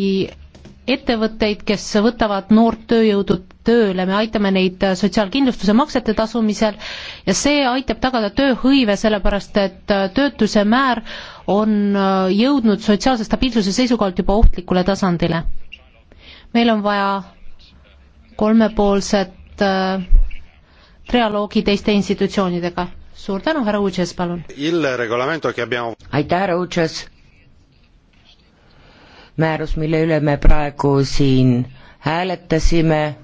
ettevõtteid, kes võtavad noort tööjõudu tööle, me aitame neid sotsiaalkindlustuse maksete tasumisel ja see aitab tagada tööhõive, sellepärast et töötuse määr on jõudnud sotsiaalse stabiilsuse seisukohalt juba ohtlikule tasandile. meil on vaja kolmepoolset äh, trialoogi teiste institutsioonidega suur tänu, härra Uudžes, palun! aitäh, härra Uudžes! määrus, mille üle me praegu siin hääletasime,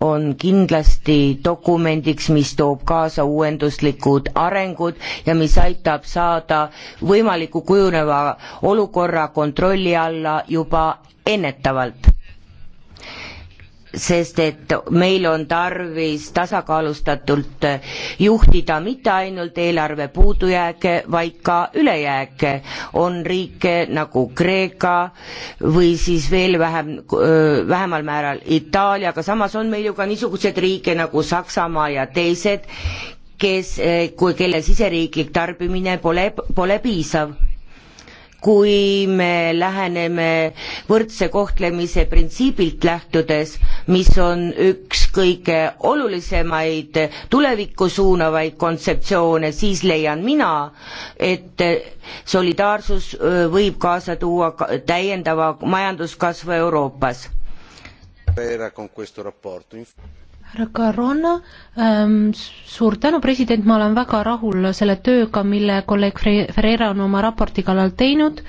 on kindlasti dokumendiks, mis toob kaasa uuenduslikud arengud ja mis aitab saada võimaliku kujuneva olukorra kontrolli alla juba ennetavalt sest et meil on tarvis tasakaalustatult juhtida mitte ainult eelarve puudujääke, vaid ka ülejääke. on riike nagu Kreeka või siis veel vähem, vähemal määral Itaalia, aga samas on meil ju ka niisuguseid riike nagu Saksamaa ja teised, kes, kui kelle siseriiklik tarbimine pole, pole piisav kui me läheneme võrdse kohtlemise printsiibilt lähtudes, mis on üks kõige olulisemaid tulevikku suunavaid kontseptsioone, siis leian mina, et solidaarsus äh, võib kaasa tuua täiendava majanduskasvu Euroopas härra Caronna, ähm, suur tänu, president, ma olen väga rahul selle tööga, mille kolleeg Ferreira on oma raporti kallal teinud,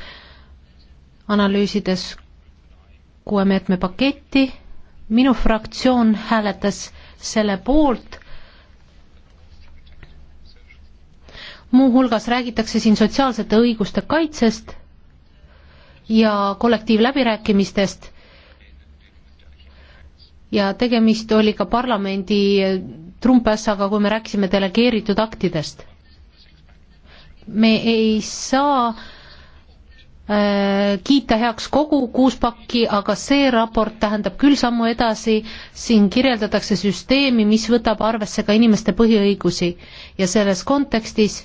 analüüsides kuue meetme paketti, minu fraktsioon hääletas selle poolt, muuhulgas räägitakse siin sotsiaalsete õiguste kaitsest ja kollektiivläbirääkimistest ja tegemist oli ka parlamendi trumpässaga, kui me rääkisime delegeeritud aktidest. me ei saa äh, kiita heaks kogu kuus pakki, aga see raport tähendab küll sammu edasi, siin kirjeldatakse süsteemi, mis võtab arvesse ka inimeste põhiõigusi ja selles kontekstis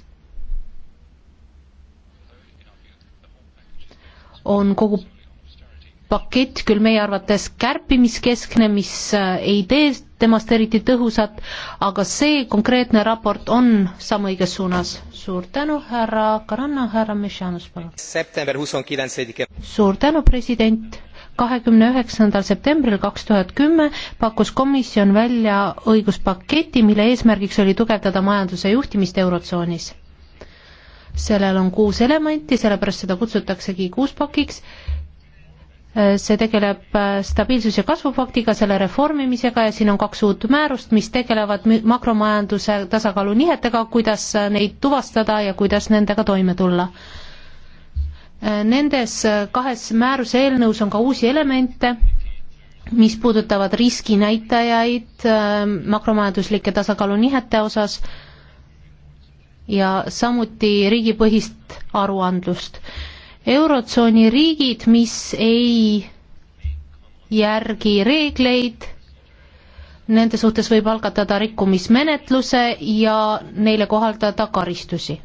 on kogu pakett küll meie arvates kärpimiskeskne, mis äh, ei tee temast eriti tõhusat, aga see konkreetne raport on samm õiges suunas. suur tänu, härra Karanna, härra Mešjanov, palun. suur tänu, president kahekümne üheksandal septembril kaks tuhat kümme pakkus komisjon välja õiguspaketi, mille eesmärgiks oli tugevdada majanduse juhtimist Eurotsoonis. sellel on kuus elementi, sellepärast seda kutsutaksegi kuuspakiks see tegeleb äh, stabiilsus- ja kasvupaktiga, selle reformimisega ja siin on kaks uut määrust, mis tegelevad makromajanduse tasakaalu nihetega, kuidas äh, neid tuvastada ja kuidas nendega toime tulla. Äh, nendes kahes määruse eelnõus on ka uusi elemente, mis puudutavad riskinäitajaid makromajanduslike tasakaalu nihete osas ja samuti riigipõhist aruandlust eurotsooni riigid, mis ei järgi reegleid, nende suhtes võib algatada rikkumismenetluse ja neile kohaldada karistusi.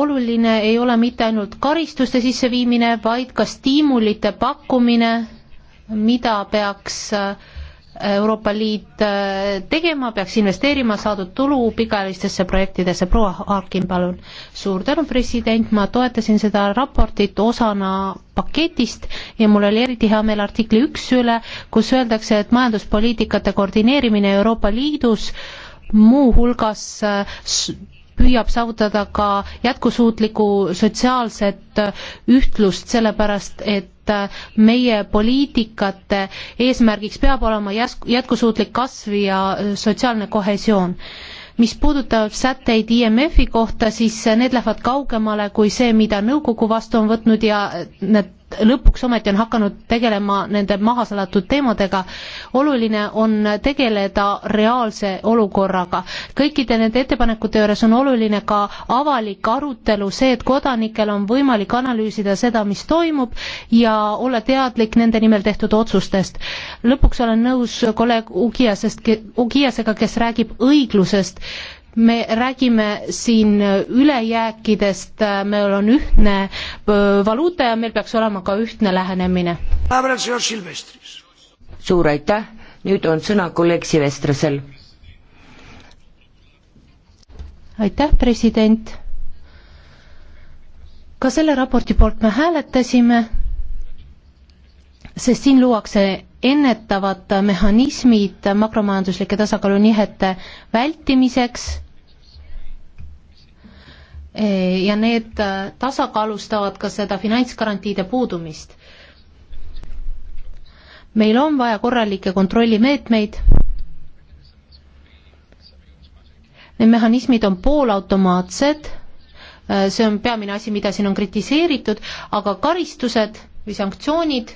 oluline ei ole mitte ainult karistuste sisseviimine, vaid ka stiimulite pakkumine, mida peaks äh, Euroopa Liit äh, tegema, peaks investeerima saadud tulu pikaajalistesse projektidesse, proua Harkin, palun. suur tänu, president, ma toetasin seda raportit osana paketist ja mul oli eriti hea meel artikli üks üle, kus öeldakse, et majanduspoliitikate koordineerimine Euroopa Liidus muuhulgas äh, püüab saavutada ka jätkusuutlikku sotsiaalset äh, ühtlust, sellepärast et et äh, meie poliitikate eesmärgiks peab olema jäsk-, jätkusuutlik kasv ja äh, sotsiaalne kohesioon. mis puudutab sätteid IMF-i kohta, siis äh, need lähevad kaugemale kui see, mida nõukogu vastu on võtnud ja need lõpuks ometi on hakanud tegelema nende mahasalatud teemadega, oluline on tegeleda reaalse olukorraga. kõikide nende ettepanekute juures on oluline ka avalik arutelu, see, et kodanikel on võimalik analüüsida seda, mis toimub ja olla teadlik nende nimel tehtud otsustest. lõpuks olen nõus kolleeg Ugiasest, Ugiasega, kes räägib õiglusest me räägime siin ülejääkidest, meil on ühtne äh, valuuta ja meil peaks olema ka ühtne lähenemine. suur aitäh, nüüd on sõna kolleeg Silvestrasel. aitäh, president. ka selle raporti poolt me hääletasime sest siin luuakse ennetavad mehhanismid makromajanduslike tasakaalunihete vältimiseks ja need tasakaalustavad ka seda finantsgarantiide puudumist. meil on vaja korralikke kontrollimeetmeid, need mehhanismid on poolautomaatsed, see on peamine asi, mida siin on kritiseeritud, aga karistused või sanktsioonid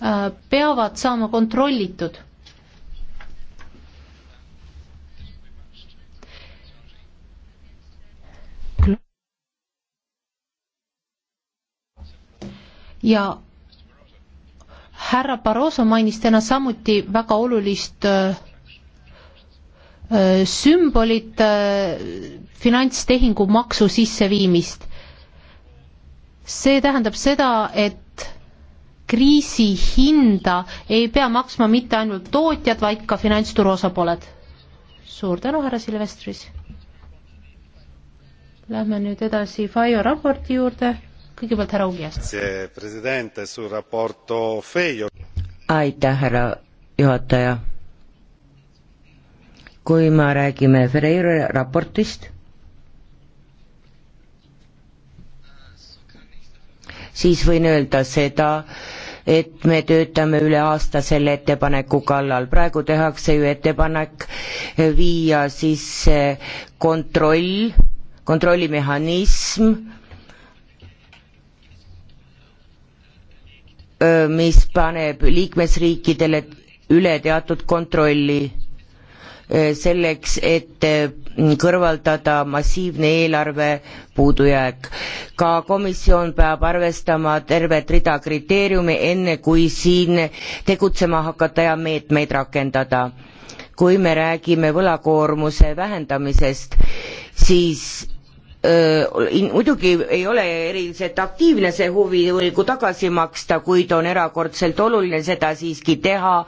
Äh, peavad saama kontrollitud. ja härra Barroso mainis täna samuti väga olulist äh, äh, sümbolit finantstehingu maksu sisseviimist. see tähendab seda, et kriisi hinda ei pea maksma mitte ainult tootjad, vaid ka finantsturu osapooled. suur tänu, härra Silvestris. Lähme nüüd edasi FIO raporti juurde, kõigepealt härra Ugiast. aitäh, härra juhataja. kui me räägime Ferreira raportist siis võin öelda seda, et me töötame üle aasta selle ettepaneku kallal. praegu tehakse ju ettepanek viia sisse eh, kontroll, kontrollimehhanism, eh, mis paneb liikmesriikidele üle teatud kontrolli Äh, selleks, et äh, kõrvaldada massiivne eelarve puudujääk. ka komisjon peab arvestama tervet rida kriteeriumi, enne kui siin tegutsema hakata ja meetmeid rakendada. kui me räägime võlakoormuse vähendamisest, siis muidugi ei ole eriliselt aktiivne see huvi uuringu tagasi maksta, kuid on erakordselt oluline seda siiski teha,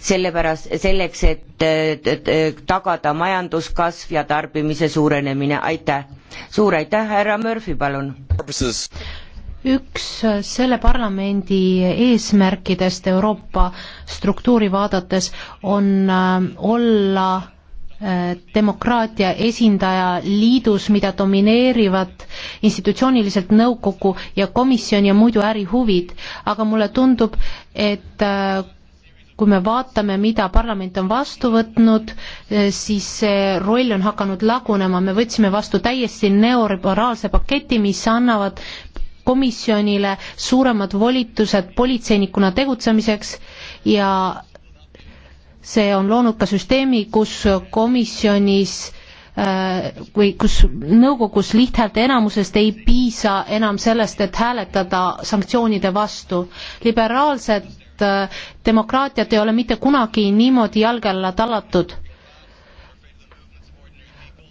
sellepärast, selleks, et tagada majanduskasv ja tarbimise suurenemine, aitäh. suur aitäh, härra Murphy, palun. üks selle parlamendi eesmärkidest Euroopa struktuuri vaadates on äh, olla Äh, demokraatia esindaja liidus, mida domineerivad institutsiooniliselt nõukogu ja komisjon ja muidu ärihuvid, aga mulle tundub, et äh, kui me vaatame, mida parlament on vastu võtnud, äh, siis see roll on hakanud lagunema, me võtsime vastu täiesti neoliberaalse paketi, mis annavad komisjonile suuremad volitused politseinikuna tegutsemiseks ja see on loonud ka süsteemi, kus komisjonis äh, või kus nõukogus lihthäälte enamusest ei piisa enam sellest, et hääletada sanktsioonide vastu. liberaalsed äh, demokraatiat ei ole mitte kunagi niimoodi jalge alla tallatud.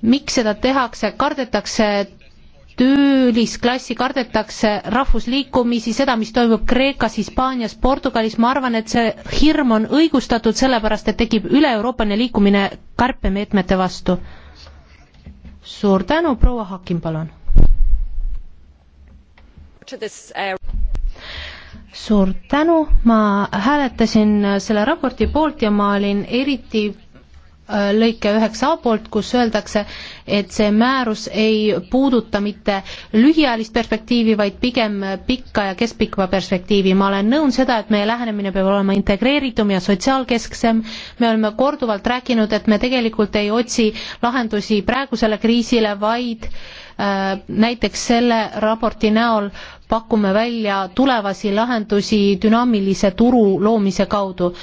miks seda tehakse, kardetakse töölisklassi, kardetakse rahvusliikumisi, seda, mis toimub Kreekas, Hispaanias, Portugalis, ma arvan, et see hirm on õigustatud, sellepärast et tekib üle-Euroopaline liikumine kärpemeetmete vastu. suur tänu, proua Hakim, palun. suur tänu, ma hääletasin selle raporti poolt ja ma olin eriti Äh, lõike üheksa A poolt, kus öeldakse, et see määrus ei puuduta mitte lühiajalist perspektiivi, vaid pigem pikka ja keskpikka perspektiivi. ma olen nõus seda, et meie lähenemine peab olema integreeritum ja sotsiaalkesksem, me oleme korduvalt rääkinud, et me tegelikult ei otsi lahendusi praegusele kriisile, vaid äh, näiteks selle raporti näol pakume välja tulevasi lahendusi dünaamilise turu loomise kaudu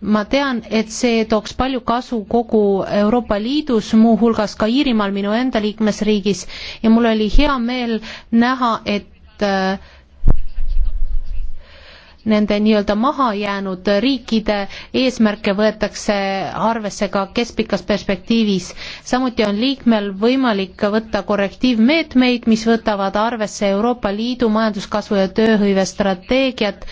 ma tean, et see tooks palju kasu kogu Euroopa Liidus, muuhulgas ka Iirimaal, minu enda liikmesriigis, ja mul oli hea meel näha, et äh, nende nii-öelda mahajäänud riikide eesmärke võetakse arvesse ka keskpikas perspektiivis. samuti on liikmel võimalik võtta korrektiivmeetmeid, mis võtavad arvesse Euroopa Liidu majanduskasvu ja tööhõive strateegiat äh,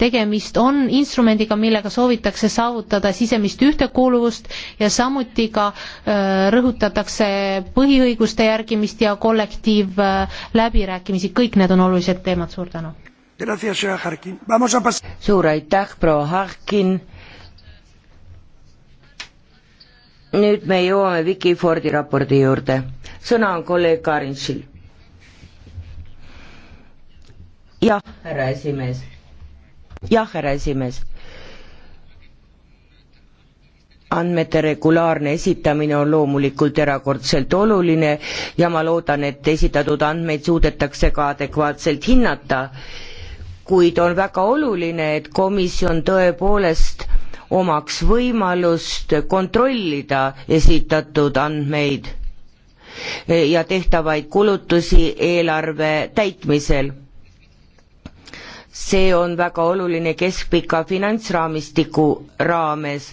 tegemist on instrumendiga, millega soovitakse saavutada sisemist ühtekuuluvust ja samuti ka äh, rõhutatakse põhiõiguste järgimist ja kollektiivläbirääkimisi, äh, kõik need on olulised teemad, suur tänu. suur aitäh, proua Harkin. nüüd me jõuame Vicky Fordi raporti juurde. sõna on kolleeg Karinšil. jah, härra esimees jah, härra esimees. andmete regulaarne esitamine on loomulikult erakordselt oluline ja ma loodan, et esitatud andmeid suudetakse ka adekvaatselt hinnata, kuid on väga oluline, et komisjon tõepoolest omaks võimalust kontrollida esitatud andmeid ja tehtavaid kulutusi eelarve täitmisel see on väga oluline keskpika finantsraamistiku raames.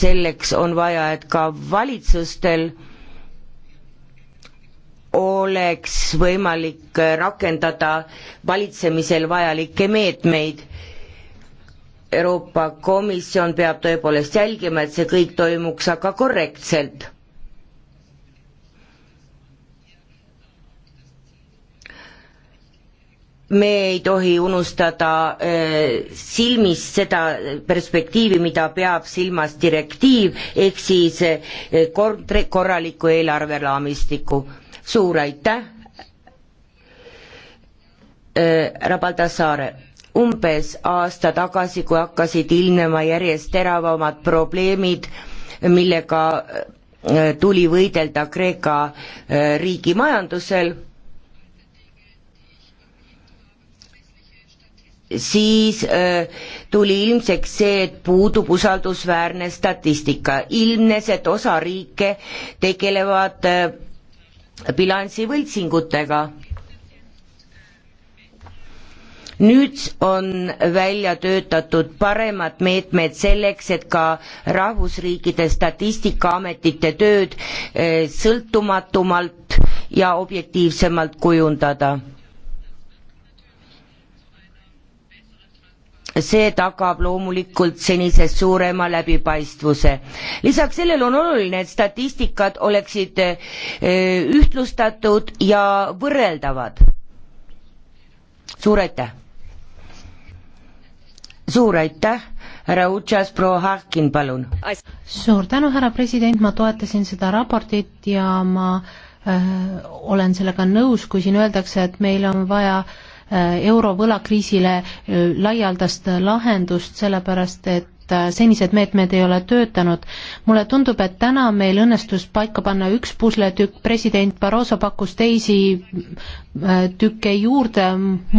selleks on vaja, et ka valitsustel oleks võimalik rakendada valitsemisel vajalikke meetmeid. Euroopa Komisjon peab tõepoolest jälgima, et see kõik toimuks aga korrektselt me ei tohi unustada eh, silmist seda perspektiivi, mida peab silmas direktiiv, ehk siis eh, korraliku eelarveraamistiku. suur aitäh, härra eh, Baltasaare umbes aasta tagasi, kui hakkasid ilmnema järjest teravamad probleemid, millega tuli võidelda Kreeka riigi majandusel siis öö, äh, tuli ilmseks see, et puudub usaldusväärne statistika. ilmnes, et osa riike tegelevad äh, bilansi võltsingutega. nüüd on välja töötatud paremad meetmed selleks, et ka rahvusriikide statistikaametite tööd öö, äh, sõltumatumalt ja objektiivsemalt kujundada see tagab loomulikult senisest suurema läbipaistvuse. lisaks sellele on oluline, et statistikad oleksid eh, ühtlustatud ja võrreldavad. suur aitäh! suur aitäh, härra Utšas, proua Harkin, palun! suur tänu, härra president, ma toetasin seda raportit ja ma öö, eh, olen sellega nõus, kui siin öeldakse, et meil on vaja öö, Äh, eurovõlakriisile äh, laialdast lahendust, sellepärast et äh, senised meetmed ei ole töötanud. mulle tundub, et täna meil õnnestus paika panna üks pusletükk, president Barroso pakkus teisi tükke juurde,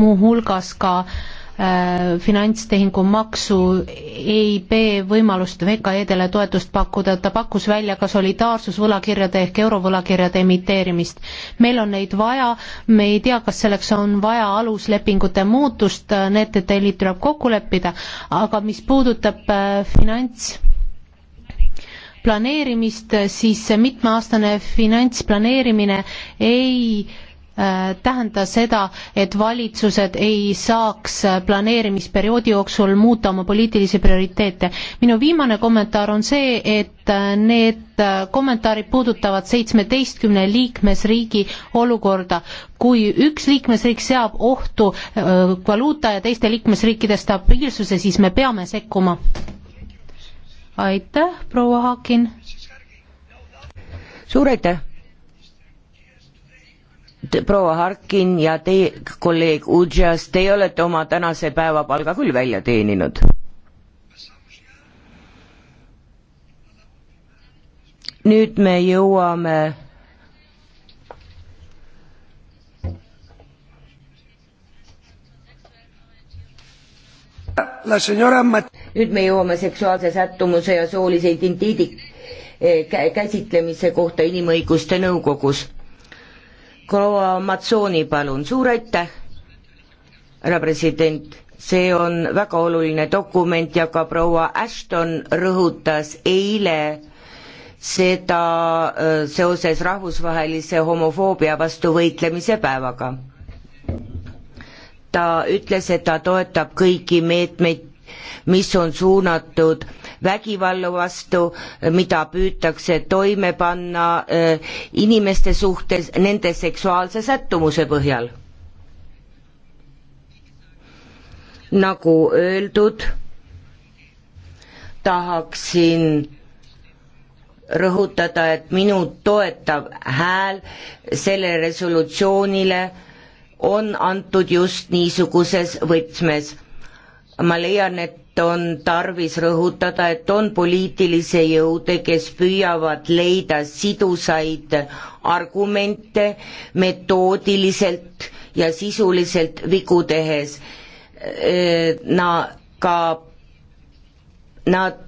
muuhulgas ka äh, Äh, finantstehingu maksu EIB võimalust VKE-dele toetust pakkuda, ta pakkus välja ka solidaarsusvõlakirjade ehk eurovõlakirjade emiteerimist. meil on neid vaja, me ei tea, kas selleks on vaja aluslepingute muutust, need detailid tuleb kokku leppida, aga mis puudutab äh, finants planeerimist, siis see mitmeaastane finantsplaneerimine ei äh, Äh, tähenda seda, et valitsused ei saaks äh, planeerimisperioodi jooksul muuta oma poliitilisi prioriteete. minu viimane kommentaar on see, et äh, need kommentaarid puudutavad seitsmeteistkümne liikmesriigi olukorda. kui üks liikmesriik seab ohtu valuuta ja teiste liikmesriikide stabiilsuse, siis me peame sekkuma. aitäh, proua Hakin! suur aitäh! proua Harkin ja teie kolleeg Udžas, teie olete oma tänase päevapalga küll välja teeninud. nüüd me jõuame nüüd me jõuame seksuaalse sättumuse ja soolise identiidi eh, käsitlemise kohta Inimõiguste Nõukogus proua Matsooni, palun, suur aitäh, härra president, see on väga oluline dokument ja ka proua Ashton rõhutas eile seda äh, seoses rahvusvahelise homofoobia vastu võitlemise päevaga. ta ütles, et ta toetab kõiki meetmeid mis on suunatud vägivalla vastu, mida püütakse toime panna eh, inimeste suhtes nende seksuaalse sättumuse põhjal. nagu öeldud, tahaksin rõhutada, et minu toetav hääl sellele resolutsioonile on antud just niisuguses võtmes ma leian, et on tarvis rõhutada, et on poliitilisi jõude, kes püüavad leida sidusaid argumente metoodiliselt ja sisuliselt vigu tehes. Äh, na- ka, nad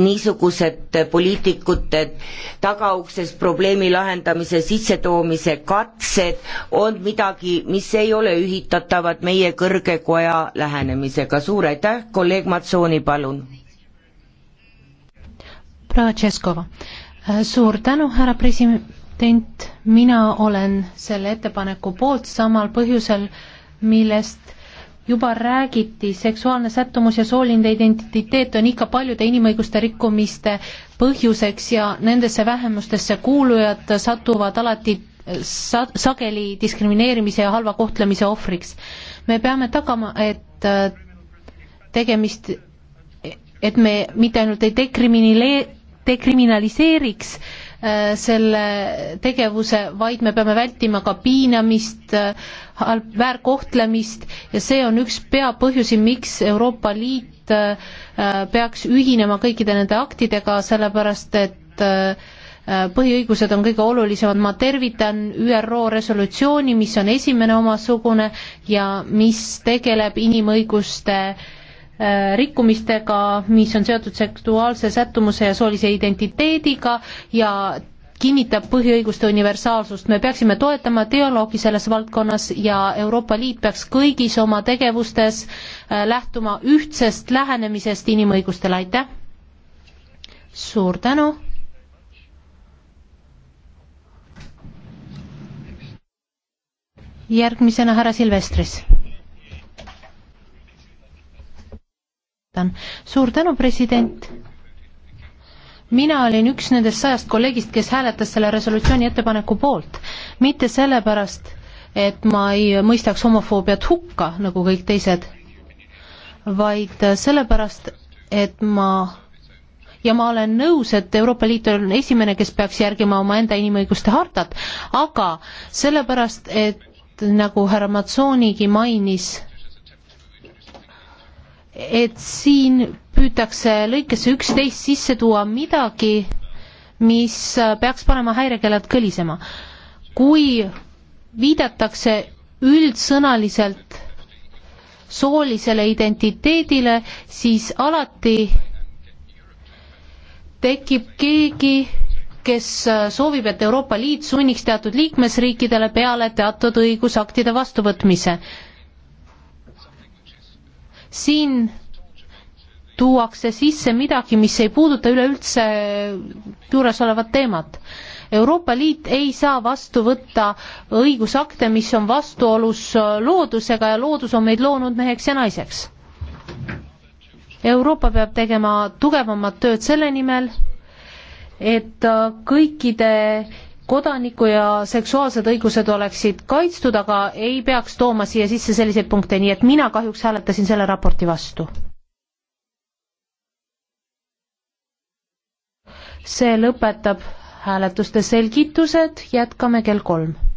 niisugused poliitikute tagauksest probleemi lahendamise sissetoomise katsed on midagi, mis ei ole ühitatavad meie kõrge koja lähenemisega. suur aitäh, kolleeg Matsooni, palun. Praatšeskova, suur tänu, härra president, mina olen selle ettepaneku poolt samal põhjusel, millest juba räägiti, seksuaalne sättumus ja sooline identiteet on ikka paljude inimõiguste rikkumiste põhjuseks ja nendesse vähemustesse kuulujad satuvad alati eh, sa-, sageli diskrimineerimise ja halva kohtlemise ohvriks. me peame tagama, et eh, tegemist, eh, et me mitte ainult ei dekriminile-, dekriminaliseeriks äh, Äh, selle tegevuse, vaid me peame vältima ka piinamist, äh, väärkohtlemist ja see on üks peapõhjusi, miks Euroopa Liit äh, peaks ühinema kõikide nende aktidega, sellepärast et põhiõigused on kõige olulisemad, ma tervitan ÜRO resolutsiooni, mis on esimene omasugune ja mis tegeleb inimõiguste äh, Äh, rikkumistega, mis on seotud seksuaalse sättumuse ja soolise identiteediga ja kinnitab põhiõiguste universaalsust. me peaksime toetama dialoogi selles valdkonnas ja Euroopa Liit peaks kõigis oma tegevustes äh, lähtuma ühtsest lähenemisest inimõigustele, aitäh! suur tänu! järgmisena härra Silvestris hääletan. suur tänu, president! mina olin üks nendest sajast kolleegist, kes hääletas selle resolutsiooni ettepaneku poolt, mitte sellepärast, et ma ei mõistaks homofoobiat hukka, nagu kõik teised, vaid sellepärast, et ma ja ma olen nõus, et Euroopa Liit on esimene, kes peaks järgima omaenda inimõiguste hartat, aga sellepärast, et nagu härra Matsoonigi mainis, et siin püütakse lõikesse üksteist sisse tuua midagi, mis peaks panema häirekeeled kõlisema. kui viidatakse üldsõnaliselt soolisele identiteedile, siis alati tekib keegi, kes soovib, et Euroopa Liit sunniks teatud liikmesriikidele peale teatud õigusaktide vastuvõtmise siin tuuakse sisse midagi, mis ei puuduta üleüldse juuresolevat teemat. Euroopa Liit ei saa vastu võtta õigusakte, mis on vastuolus loodusega ja loodus on meid loonud meheks ja naiseks. Euroopa peab tegema tugevamat tööd selle nimel, et kõikide kodaniku ja seksuaalsed õigused oleksid kaitstud, aga ei peaks tooma siia sisse selliseid punkte, nii et mina kahjuks hääletasin selle raporti vastu. see lõpetab hääletuste selgitused, jätkame kell kolm